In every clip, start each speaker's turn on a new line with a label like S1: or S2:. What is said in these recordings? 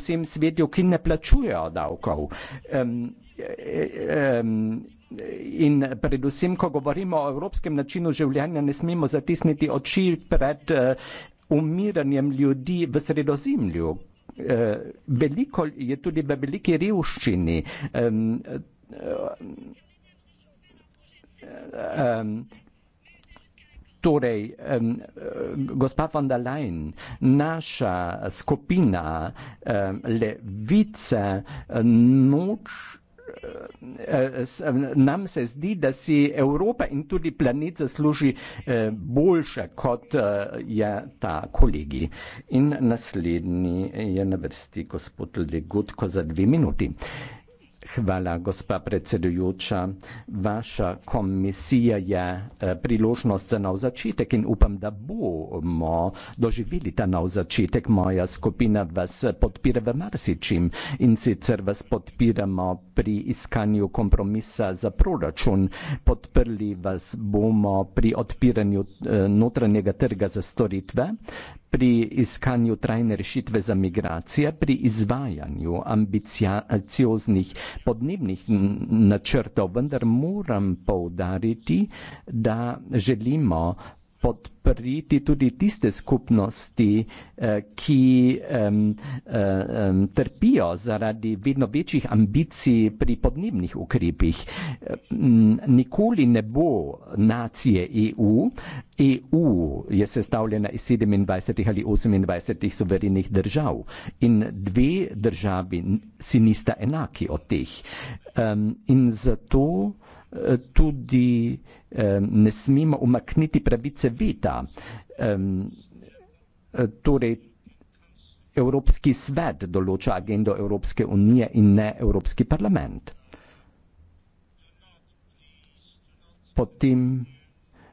S1: vsem svetu, ki ne plačujejo davkov. Um, um, in predvsem, ko govorimo o evropskem načinu življenja, ne smemo zatisniti oči pred uh, umiranjem ljudi v sredozemlju. Uh, veliko je tudi v veliki revščini. Um, uh, um, torej um, gospa von der Leyen, naša skupina um, levice noč eh, nam se zdi, da si Evropa in tudi planet zasluži eh, boljše, kot je ta kolegi. In naslednji je na vrsti gospod Legutko za dve minuti. Uh, Hvala, gospa predsedujoča. Vaša komisija je eh, priložnost za nov začetek in upam, da bomo doživeli ta nov začetek. Moja skupina vas podpira v marsičim in sicer vas podpiramo pri iskanju kompromisa za proračun. Podprli vas bomo pri odpiranju eh, notranjega trga za storitve, pri iskanju trajne rešitve za migracije, pri izvajanju ambicioznih podnebnih načrtov, vendar moram poudariti, da želimo podpriti tudi tiste skupnosti, eh, ki trpijo zaradi vedno večjih ambicij pri podnebnih ukrepih. Nikoli ne bo nacije EU. EU je sestavljena iz 27 ali 28 suverenih držav in dve državi si nista enaki od teh. In zato tudi ne smemo umakniti pravice veta. Torej, Evropski svet določa agendo Evropske unije in ne Evropski parlament. Potem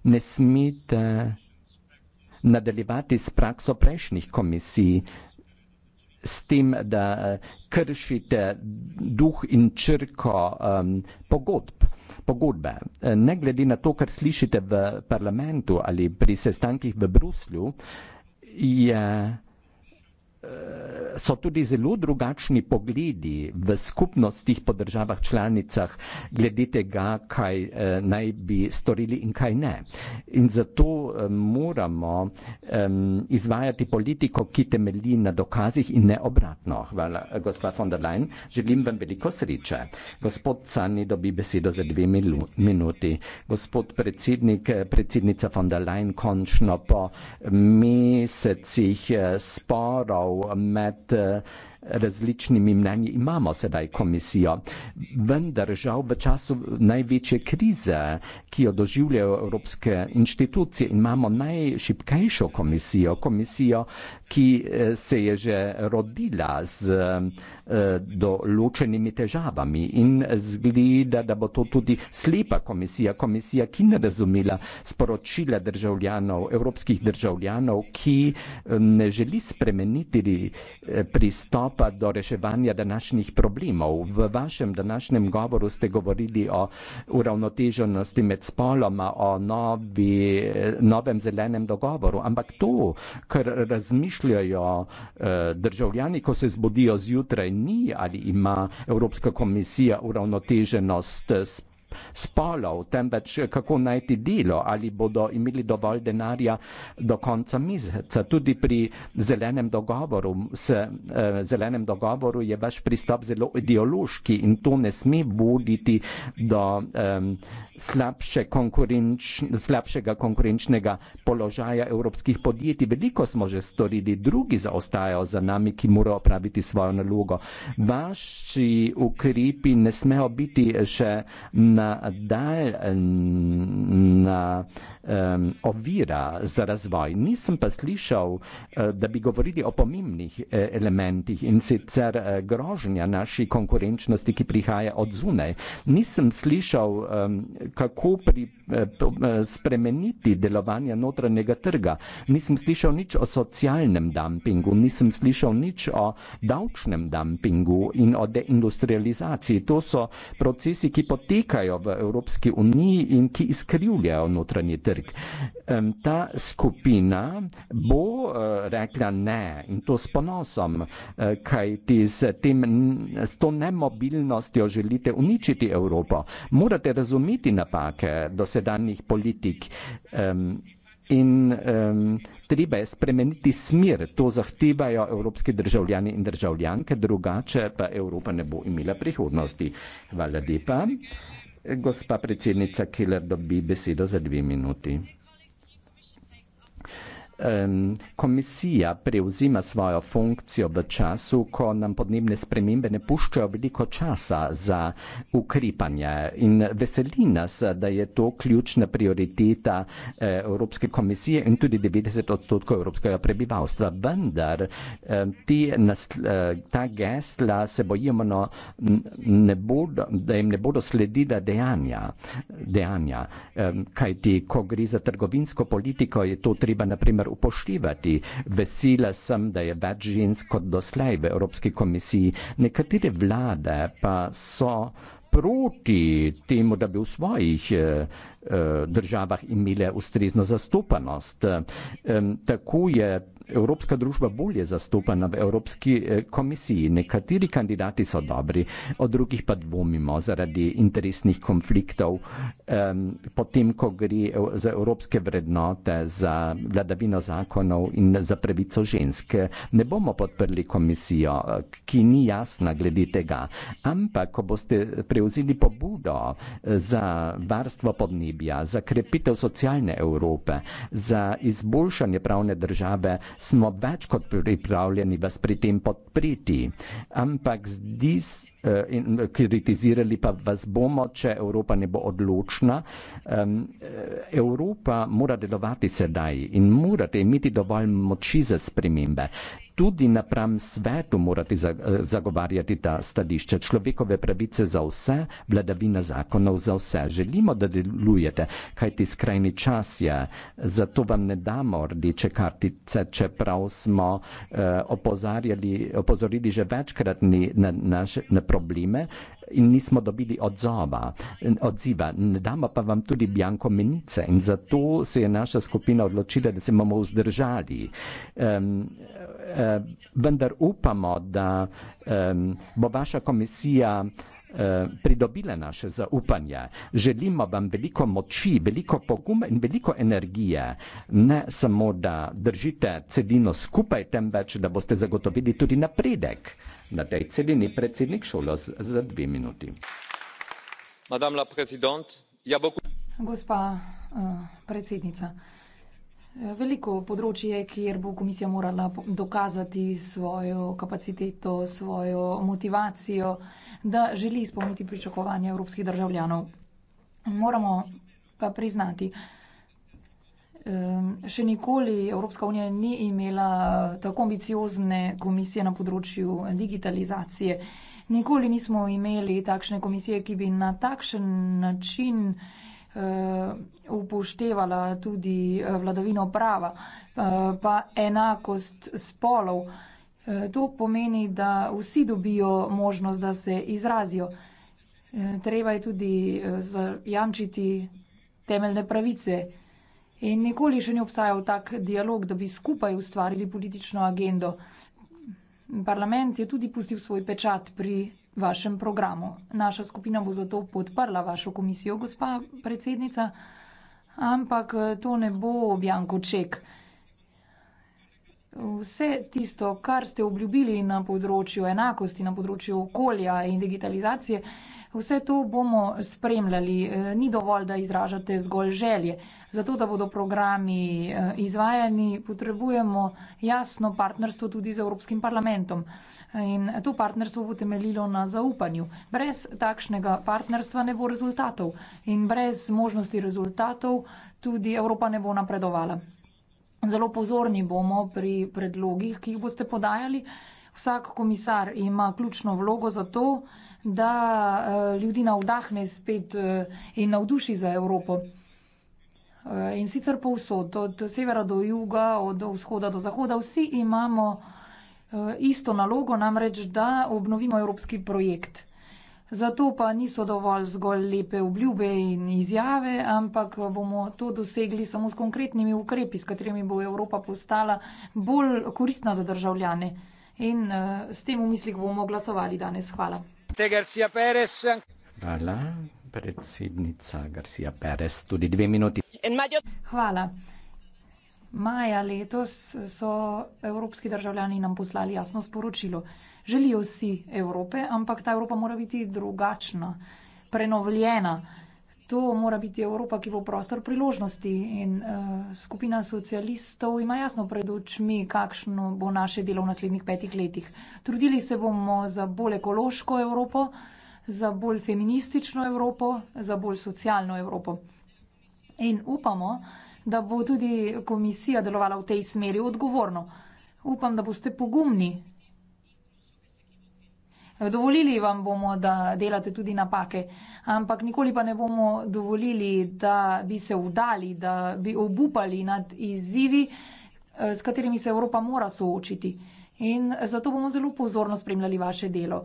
S1: ne smete nadaljevati s prakso prejšnjih komisij, s tem, da eh, kršite duh in črko um, pogodb. Pogodbe. Eh, ne glede na to, kar slišite v parlamentu ali pri sestankih v Bruslju, je Eh, so tudi zelo drugačni pogledi v skupnostih po državah članicah glede tega, kaj eh, naj bi storili in kaj ne. In zato eh, moramo izvajati politiko, ki temelji na dokazih in ne obratno. Hvala, gospod von der Leyen. Želim vam veliko sreče. Gospod Cani dobi besedo za dve minuti. Gospod predsednik, predsednica von der Leyen, končno po mesecih sporov, med eh, različnimi mnenji imamo sedaj komisijo, vendar žal v času največje krize, ki jo doživljajo evropske inštitucije, imamo najšipkejšo komisijo, komisijo, ki eh, se je že rodila z eh, določenimi težavami in zgleda, da bo to tudi slepa komisija, komisija, ki ne razumela sporočila državljanov, evropskih državljanov, ki eh, ne želi spremeniti pristop pristopa do reševanja današnjih problemov. V vašem današnjem govoru ste govorili o uravnoteženosti med spoloma, o novi, novem zelenem dogovoru, ampak to, kar razmišljajo eh, državljani, ko se zbudijo zjutraj, ni ali ima Evropska komisija uravnoteženost spolov spolov, temveč kako najti delo, ali bodo imeli dovolj denarja do konca meseca. Tudi pri zelenem dogovoru, s, eh, zelenem dogovoru je vaš pristop zelo ideološki in to ne sme voditi do eh, slabše konkurenč, slabšega konkurenčnega položaja evropskih podjetij. Veliko smo že storili, drugi zaostajajo za nami, ki morajo opraviti svojo nalogo. Vaši ukrepi ne smejo biti še na dal na, um, ovira za razvoj. Nisem pa slišal, uh, da bi govorili o pomembnih uh, elementih in sicer uh, grožnja naši konkurenčnosti, ki prihaja od zunaj. Nisem slišal, um, kako pri, uh, spremeniti delovanje notranjega trga. Nisem slišal nič o socialnem dumpingu, nisem slišal nič o davčnem dumpingu in o deindustrializaciji. To so procesi, ki potekajo delajo v Evropski uniji in ki izkrivljajo notranji trg. Ta skupina bo eh, rekla ne in to s ponosom, eh, kajti s, tem, s to nemobilnostjo želite uničiti Evropo. Morate razumeti napake dosedanjih politik. In um, treba je spremeniti smer, to zahtevajo evropski državljani in državljanke, drugače pa Evropa ne bo imela prihodnosti. Hvala lepa gospa predsednica Keller dobi besedo za dve minuti. Komisija prevzima svojo funkcijo v času, ko nam podnebne spremembe ne puščajo veliko časa za ukrepanje. In veseli nas, da je to ključna prioriteta eh, Evropske komisije in tudi 90 odstotkov evropskega prebivalstva. Vendar te, eh, ta gesla se bojimo, no, bodo, da jim ne bodo sledila dejanja. dejanja. Kajti, ko gre za trgovinsko politiko, je to treba naprimer mora upoštevati. Vesela sem, da je več žensk kot doslej v Evropski komisiji. Nekatere vlade pa so proti temu, da bi v svojih eh, eh državah imele ustrezno zastopanost. Eh, tako je evropska družba bolje zastopana v Evropski eh, komisiji. Nekateri kandidati so dobri, o drugih pa dvomimo zaradi interesnih konfliktov, um, potem, ko gre eh, za evropske vrednote, za vladavino zakonov in za pravico ženske. Ne bomo podprli komisijo, eh, ki ni jasna glede tega, ampak, ko boste prevzeli pobudo za varstvo podnebja, za krepitev socialne Evrope, za izboljšanje pravne države, smo več kot pripravljeni vas pri tem podpriti, ampak zdi se. Eh, in eh, kritizirali pa vas bomo, če Evropa ne bo odločna. Um, Evropa mora delovati sedaj in morate imeti dovolj moči za spremembe tudi napram svetu morati zagovarjati ta stališča. Človekove pravice za vse, vladavina zakonov za vse. Želimo, da delujete, kaj ti skrajni čas je. Zato vam ne damo rdeče kartice, čeprav smo eh, opozorili že večkrat na naše probleme in nismo dobili odziva. Ne damo pa vam tudi bjanko menice in zato se je naša skupina odločila, da se bomo vzdržali. Eh, vendar upamo, da bo vaša komisija eh, pridobila naše zaupanje. Želimo vam veliko moči, veliko poguma in veliko energije. Ne samo, da držite celino skupaj, temveč, da boste zagotovili tudi napredek na tej celini. Predsednik Šolo za dve minuti.
S2: Ja
S3: Gospa eh, predsednica, Veliko področje je, kjer bo komisija morala dokazati svojo kapaciteto, svojo motivacijo, da želi izpolniti pričakovanje evropskih državljanov. Moramo pa priznati, ehm, še nikoli Evropska unija ni imela tako ambiciozne komisije na področju digitalizacije. Nikoli nismo imeli takšne komisije, ki bi na takšen način Eh, upoštevala tudi eh, vladavino prava, eh, pa enakost spolov. To pomeni, da vsi dobijo možnost, da se izrazijo. Treba je tudi zajamčiti temeljne pravice. In nikoli še ni obstajal tak dialog, da bi skupaj ustvarili politično agendo. Parlament je tudi pustil svoj pečat pri vašem programu. Naša skupina bo zato podprla vašo komisijo, gospa predsednica, ampak to ne bo objanko ček. Vse tisto, kar ste obljubili na področju enakosti, na področju okolja in digitalizacije, vse to bomo spremljali. Ni dovolj, da izražate zgolj želje. Zato, da bodo programi eh, izvajani, potrebujemo jasno partnerstvo tudi z Evropskim parlamentom. In to partnerstvo bo temeljilo na zaupanju. Brez takšnega partnerstva ne bo rezultatov in brez možnosti rezultatov tudi Evropa ne bo napredovala. Zelo pozorni bomo pri predlogih, ki jih boste podajali. Vsak komisar ima ključno vlogo za to, da eh, ljudi navdahne spet eh, in navduši za Evropo. Eh, in sicer povsod, od severa do juga, od vzhoda do zahoda, vsi imamo Eh, isto nalogo, namreč da obnovimo evropski projekt. Zato pa niso dovolj zgolj lepe obljube in izjave, ampak bomo to dosegli samo s konkretnimi ukrepi, s katerimi bo Evropa postala bolj koristna za državljane. In uh, s tem v mislih bomo glasovali danes. Hvala.
S1: Hvala, predsednica Garcia Perez, tudi dve minuti.
S3: Hvala. Maja letos so evropski državljani nam poslali jasno sporočilo. Želijo si Evrope, ampak ta Evropa mora biti drugačna, prenovljena. To mora biti Evropa, ki bo prostor priložnosti in uh, skupina socialistov ima jasno pred očmi, kakšno bo naše delo v naslednjih petih letih. Trudili se bomo za bolj ekološko Evropo, za bolj feministično Evropo, za bolj socialno Evropo. In upamo, da bo tudi komisija delovala v tej smeri odgovorno. Upam, da boste pogumni. Dovolili vam bomo, da delate tudi napake, ampak nikoli pa ne bomo dovolili, da bi se vdali, da bi obupali nad izzivi, eh, s katerimi se Evropa mora soočiti. In zato bomo zelo pozorno spremljali vaše delo.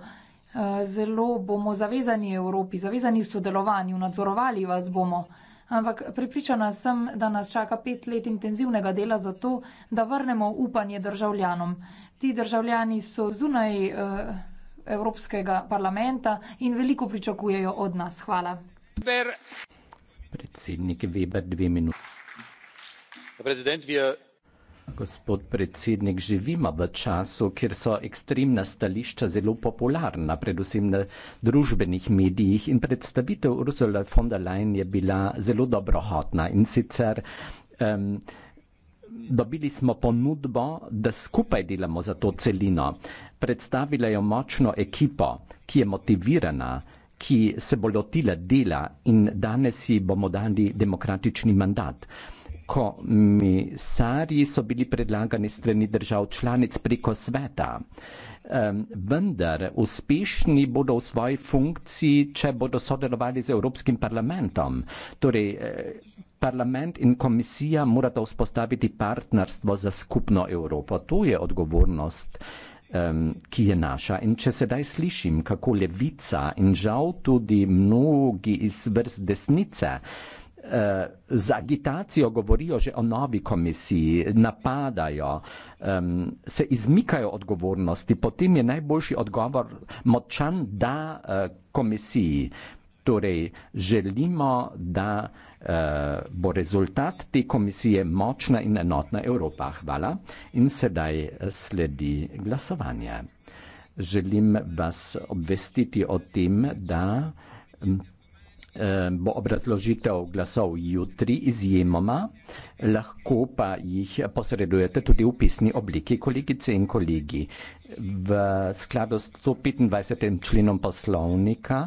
S3: Eh, zelo bomo zavezani Evropi, zavezani sodelovanju, nadzorovali vas bomo ampak prepričana sem, da nas čaka pet let intenzivnega dela za to, da vrnemo upanje državljanom. Ti državljani so zunaj uh, Evropskega parlamenta in veliko pričakujejo od nas. Hvala.
S1: Predsednik Weber, dve minuti.
S3: Predsednik, vi.
S1: Gospod predsednik, živimo v času, kjer so ekstremna stališča zelo popularna, predvsem na družbenih medijih in predstavitev Ursula von der Leyen je bila zelo dobrohotna in sicer um, dobili smo ponudbo, da skupaj delamo za to celino. Predstavila je močno ekipo, ki je motivirana, ki se bo lotila dela in danes ji bomo dali demokratični mandat komisarji so bili predlagani strani držav članic preko sveta. Vendar uspešni bodo v svoji funkciji, če bodo sodelovali z Evropskim parlamentom. Torej, eh, parlament in komisija morata vzpostaviti partnerstvo za skupno Evropo. To je odgovornost, ki je naša. In če sedaj slišim, kako levica in žal tudi mnogi iz vrst desnice, Eh, z agitacijo govorijo že o novi komisiji, napadajo, um, se izmikajo odgovornosti, potem je najboljši odgovor močan, da uh, komisiji. Torej, želimo, da uh, bo rezultat te komisije močna in enotna Evropa. Hvala. In sedaj sledi glasovanje. Želim vas obvestiti o tem, da bo obrazložitev glasov jutri izjemoma, lahko pa jih posredujete tudi v pisni obliki, kolegice in kolegi. V skladu s 125. členom poslovnika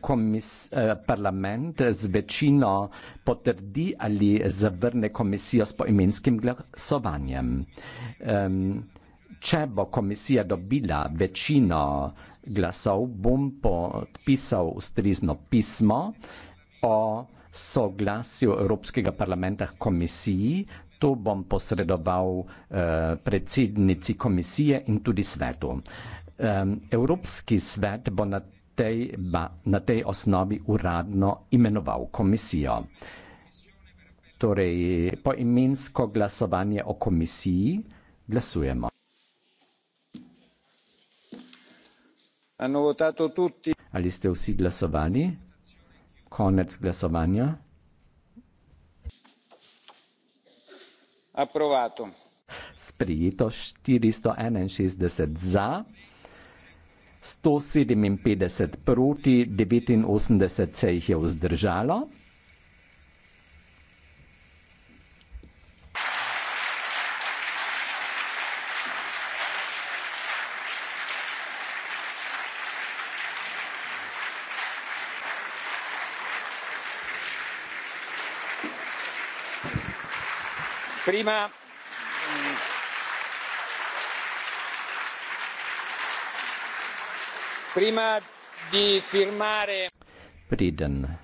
S1: komis, eh, parlament z večino potrdi ali zavrne komisijo s poimenskim glasovanjem. Um, če bo komisija dobila večino glasov, bom podpisal ustrezno pismo o soglasju Evropskega parlamenta komisiji. To bom posredoval eh, predsednici komisije in tudi svetu. Eh, Evropski svet bo na tej, ba, na tej osnovi uradno imenoval komisijo. Torej, poimensko glasovanje o komisiji glasujemo. Ali ste vsi glasovali? Konec glasovanja.
S2: Approvato.
S1: Sprijeto 461 za, 157 proti, 89 se jih je vzdržalo.
S2: prima di firmare
S1: preden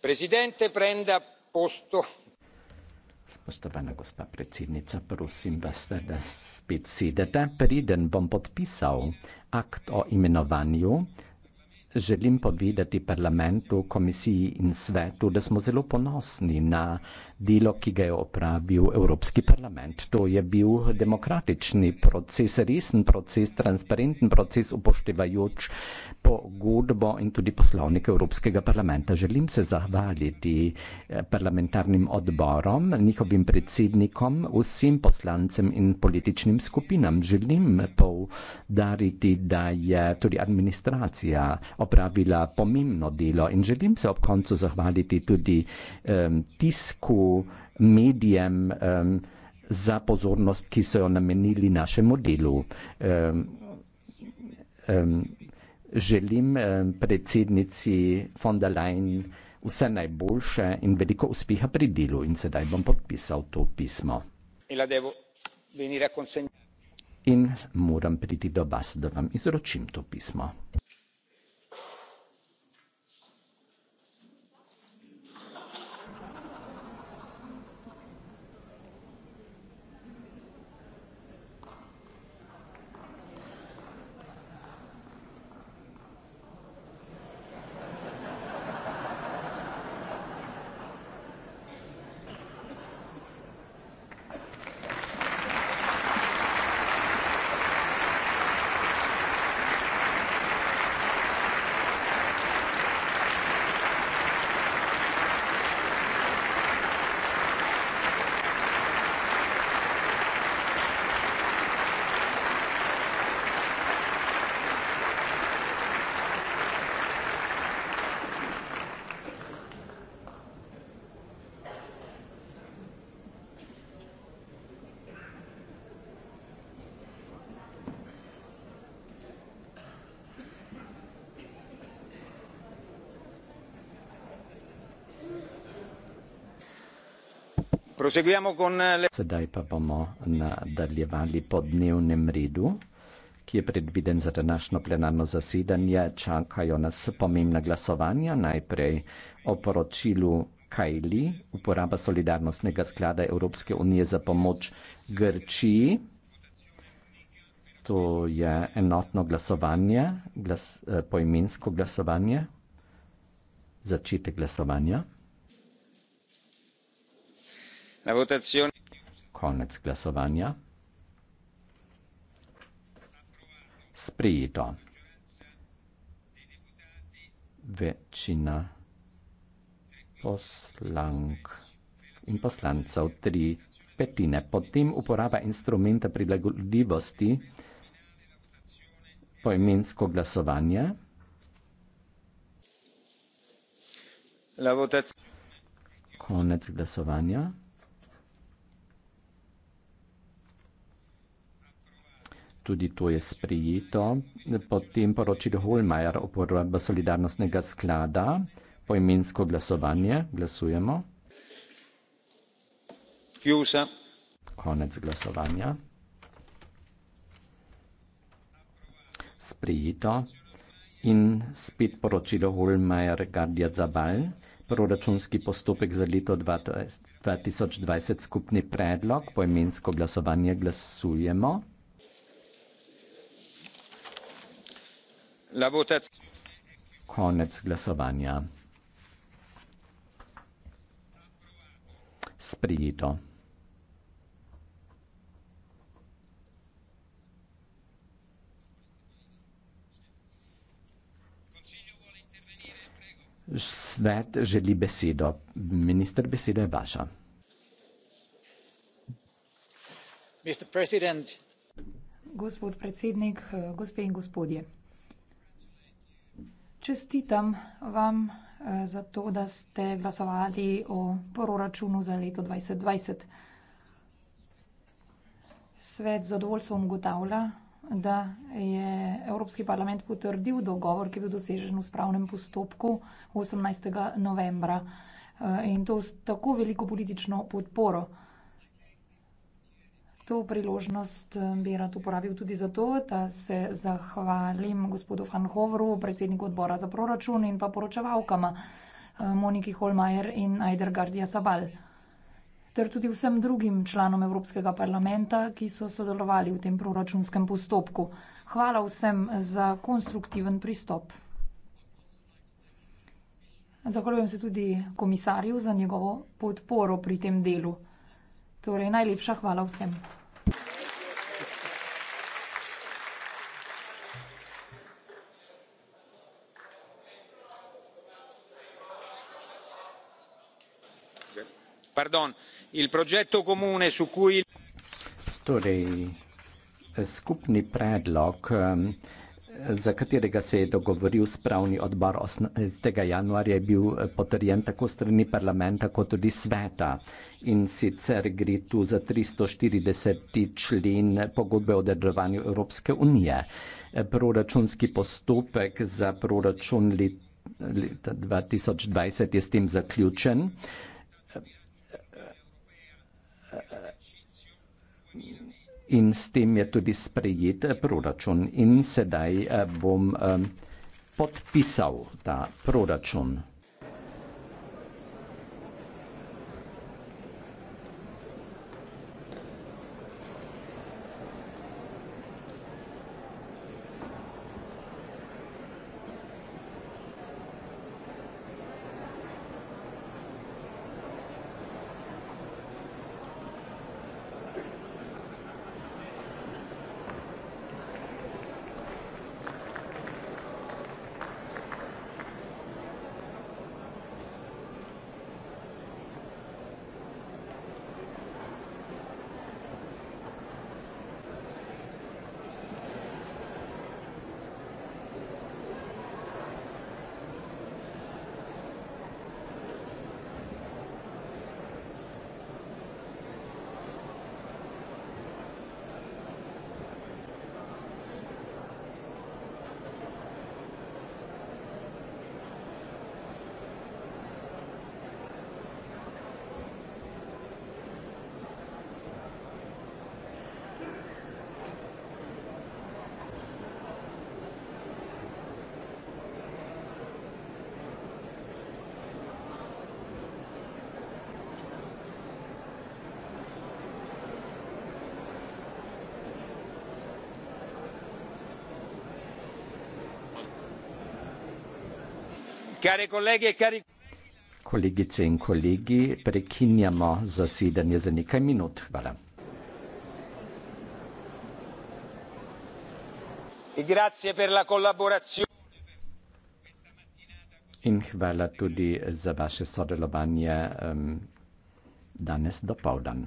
S1: presidente prenda posto spoštovana gospa predsednica prosim vas da spet sedete preden bom podpisal akt o imenovanju Želim povedati parlamentu, komisiji in svetu, da smo zelo ponosni na delo, ki ga je opravil Evropski parlament. To je bil demokratični proces, resen proces, transparenten proces, upoštevajoč pogodbo in tudi poslovnik Evropskega parlamenta. Želim se zahvaliti eh, parlamentarnim odborom, njihovim predsednikom, vsem poslancem in političnim skupinam. Želim povdariti, da je tudi administracija opravila pomembno delo in želim se ob koncu zahvaliti tudi um, tisku, medijem um, za pozornost, ki so jo namenili našemu delu. Um, um, želim um, predsednici von der Leyen vse najboljše in veliko uspeha pri delu in sedaj bom podpisal to pismo. In moram priti do vas, da vam izročim to pismo. Eh, Sedaj pa bomo nadaljevali po dnevnem redu, ki je predviden za današnjo plenarno zasedanje. Čakajo nas pomembna glasovanja, najprej o poročilu Kajli, uporaba solidarnostnega sklada Evropske unije za pomoč Grčiji. To je enotno glasovanje, glas, eh, poimensko glasovanje, začetek glasovanja. Konec glasovanja. Sprijeto. Večina poslank in poslancev, tri petine. Potem uporaba instrumenta prilagodljivosti, poimensko glasovanje. La Konec glasovanja. tudi to je sprejeto. Potem poročilo Holmajer o uporabi solidarnostnega sklada, poimensko glasovanje, glasujemo. Chiusa. Konec glasovanja. Sprejeto. In spet poročilo Holmajer Gardija Zabal, proračunski postopek za leto 2020. 2020 skupni predlog, poimensko glasovanje glasujemo. Konec glasovanja. Sprijeto. Svet želi besedo. Minister, beseda je
S3: vaša. Gospod predsednik, gospe in gospodje. Čestitam vam eh, za to, da ste glasovali o proračunu za leto 2020. Svet zadovoljstvom ugotavlja, da je Evropski parlament potrdil dogovor, ki je bil dosežen v spravnem postopku 18. novembra. Eh, in to s tako veliko politično podporo to priložnost eh, bi rad uporabil tudi za to, da se zahvalim gospodu Fanhovru, predsedniku odbora za proračun in pa poročevalkama eh, Moniki Holmajer in Ajder Gardija Sabal ter tudi vsem drugim članom Evropskega parlamenta, ki so sodelovali v tem proračunskem postopku. Hvala vsem za konstruktiven pristop. Zahvaljujem se tudi komisarju za njegovo podporo pri tem delu. Torej, najlepša hvala vsem.
S2: il progetto comune su cui.
S1: Torej, skupni predlog, um, za katerega se je dogovoril spravni odbor 18. januarja, je bil eh, potrjen tako strani parlamenta kot tudi sveta. In sicer gre tu za 340. člen pogodbe o delovanju Evropske unije. Eh, proračunski postopek za proračun leta 2020 je s tem zaključen. in s tem je tudi sprejet eh, proračun. In sedaj eh, bom eh, podpisal ta proračun. E Kolegice in kolegi, prekinjamo zasedanje za nekaj minut. Hvala.
S2: E
S1: in hvala tudi za vaše sodelovanje um, danes do povdan.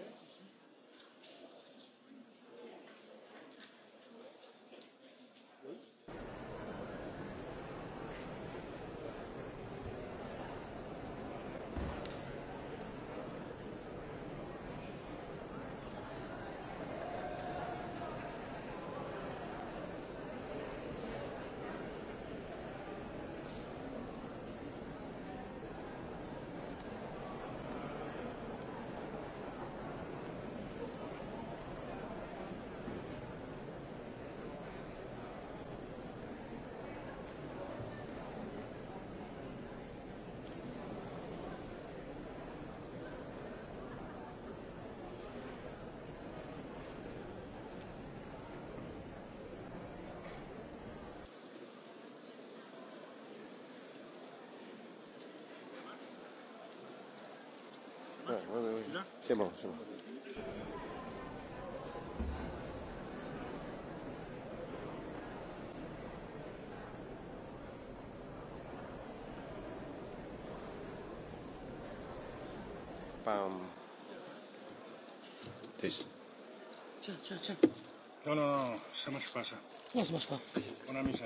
S2: No, no, no, se m'ha espassa. No se m'ha espassa. Bona missa.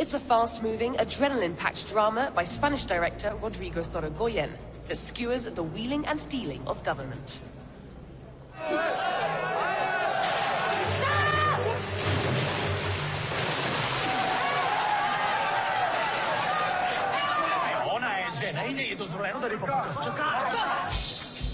S4: It's a fast-moving, adrenaline-packed drama by Spanish director Rodrigo Sorogoyen that skewers the wheeling and dealing of government.
S5: Ona je že najnejedozvoljeno, da je pa pokaz čakala.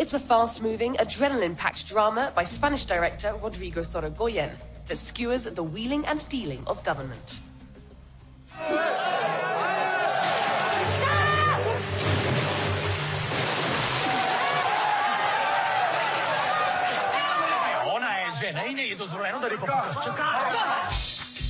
S4: It's a fast moving, adrenaline packed drama by Spanish director Rodrigo Sorogoyen that skewers the wheeling and dealing of government.
S5: Ne, ne, ne, dozvoljeno, da bi pokazal. Čakaj!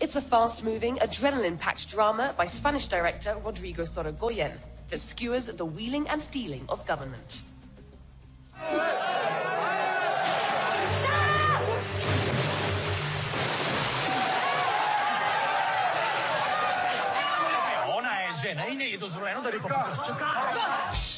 S4: It's a fast-moving, adrenaline-packed drama by Spanish director Rodrigo Sorogoyen that skewers the wheeling and dealing of government.
S5: Žena, in je dozvoljeno, da bi pokazal.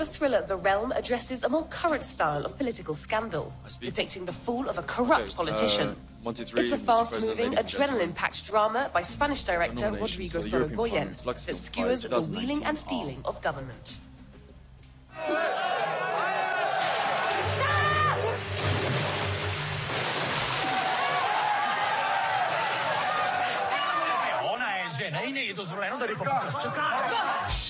S4: The thriller The Realm addresses a more current style of political scandal, depicting the fall of a corrupt okay, uh, politician.
S1: Uh, it's a fast moving, adrenaline
S4: packed drama by Spanish director Rodrigo Sorogoyen that skewers the wheeling and dealing of government.
S5: Ona je žena i nije dozvoljeno da li pokušaš čukati.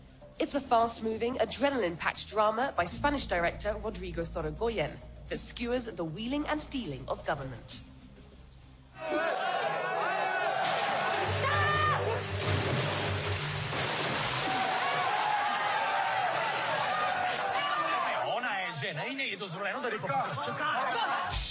S4: It's a fast moving, adrenaline packed drama by Spanish director Rodrigo Sorogoyen that skewers the wheeling and dealing of government.
S5: Ne, ne, je dozvoljeno, da je pokazal.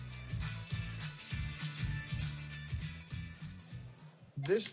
S6: this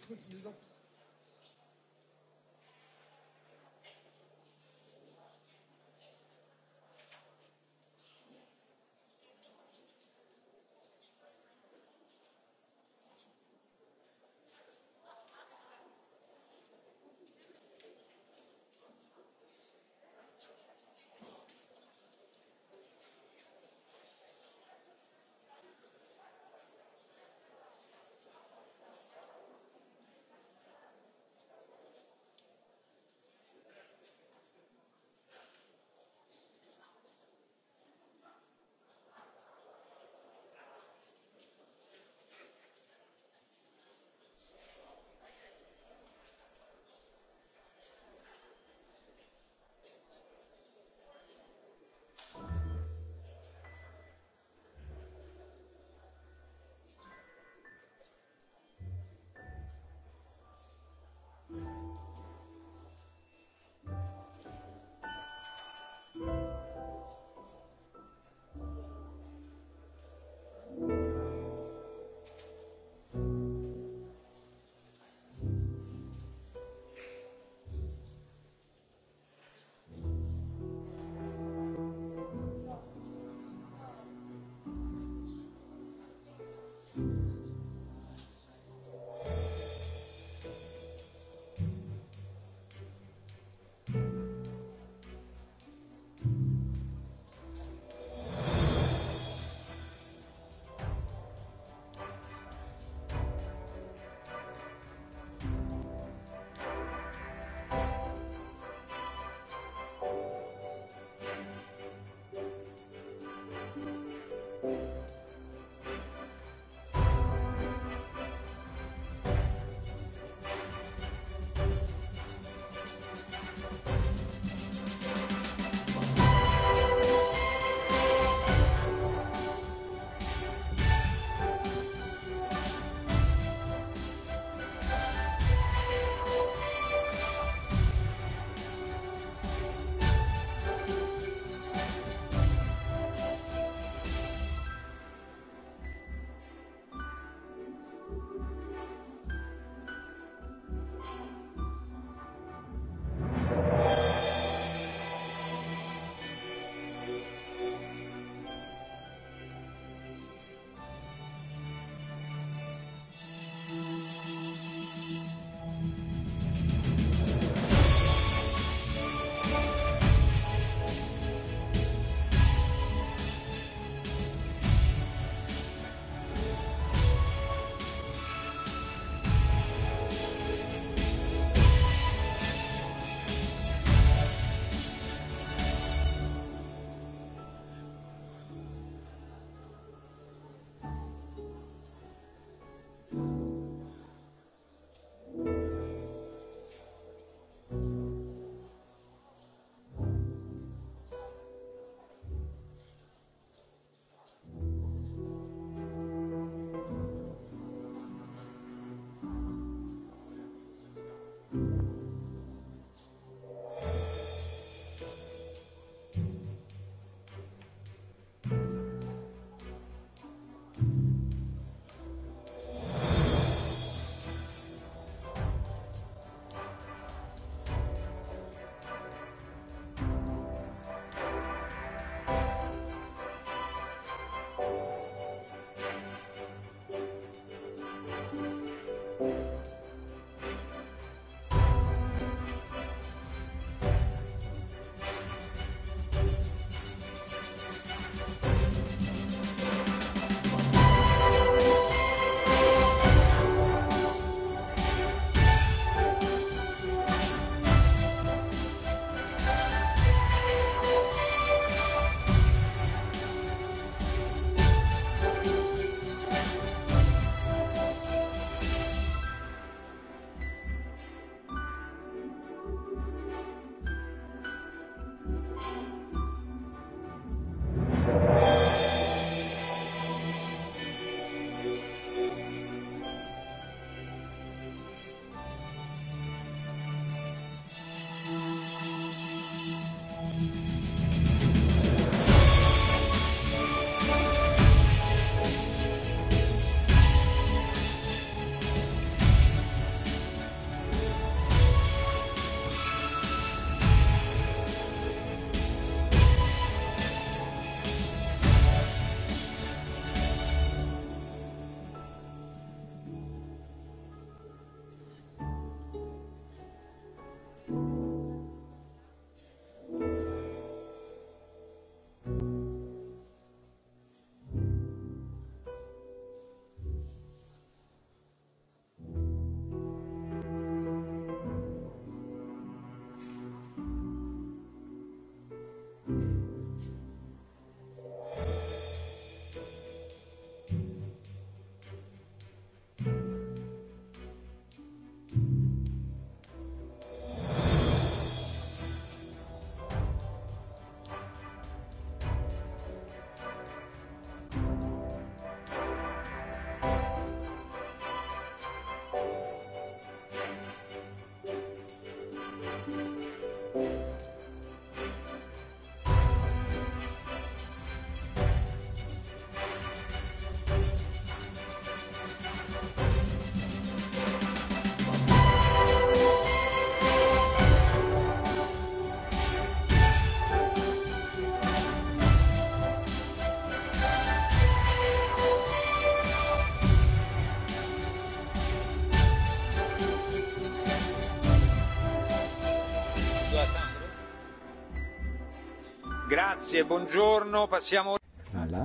S2: Grazie, buongiorno, passiamo.
S1: Hvala.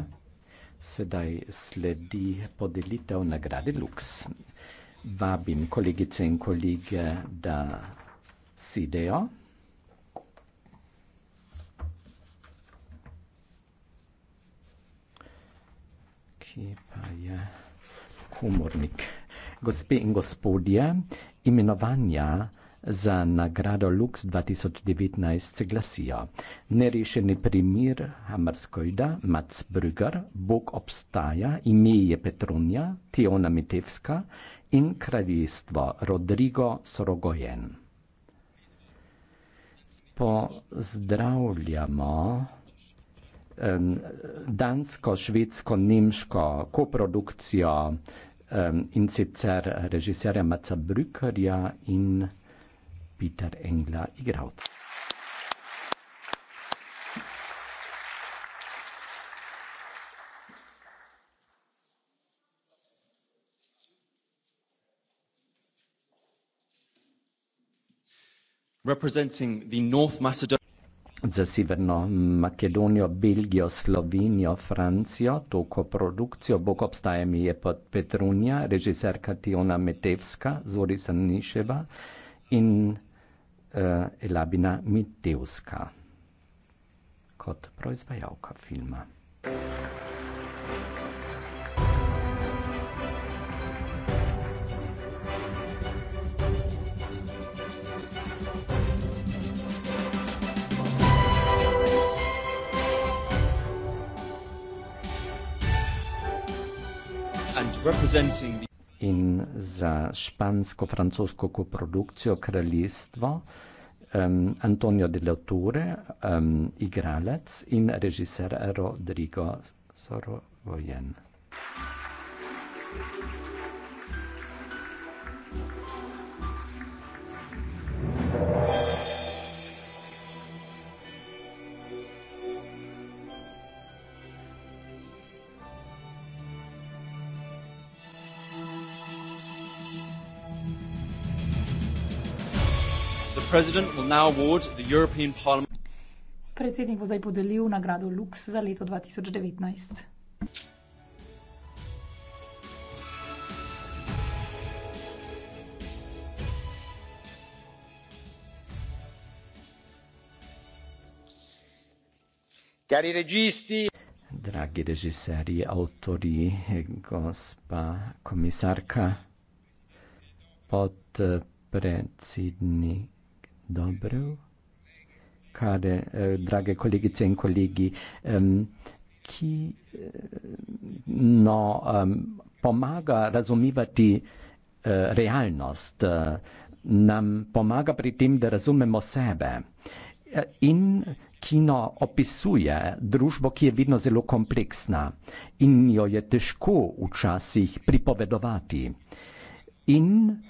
S1: Sedaj sledi podelitev nagrade Lux. Vabim kolegice in kolege, da sedejo. Kje pa je komornik? Gospe in gospodje, imenovanja za nagrado Lux 2019 se glasijo: Nerešeni primir Hammarskjöda, Mats Brügger, Bog obstaja, ime je Petronija, Tiona Mitevska in kraljestvo Rodrigo Sorogojen. Pozdravljamo. Dansko, švedsko, nemško koprodukcijo um, in sicer režiserja Maca Brükerja in Peter Engler igral. Representing the North Macedon za Severno Makedonijo, Belgijo, Slovenijo, Francijo, to koprodukcijo Bog obstaja mi je pod Petrunja, režiserka Tiona Metevska, Zorisa Niševa in Eh, Elabina Mideuska kot proizvajalka filma.
S6: And representing the
S1: in za špansko-francosko koprodukcijo Kraljestvo um, Antonio de la Ture, um, igralec in režiser Rodrigo Sorojen. Thank you. President will now award the European Parliament.
S3: Predsednik bo zdaj podelil nagrado Lux za leto 2019.
S1: Cari registi. Dragi režiserji, avtori, gospa komisarka, podpredsednik. Dobro. Kar, eh, drage kolegice in kolegi, eh, ki eh, no, eh, pomaga razumivati eh, realnost, eh, nam pomaga pri tem, da razumemo sebe. Eh, in kino opisuje družbo, ki je vedno zelo kompleksna in jo je težko včasih pripovedovati. In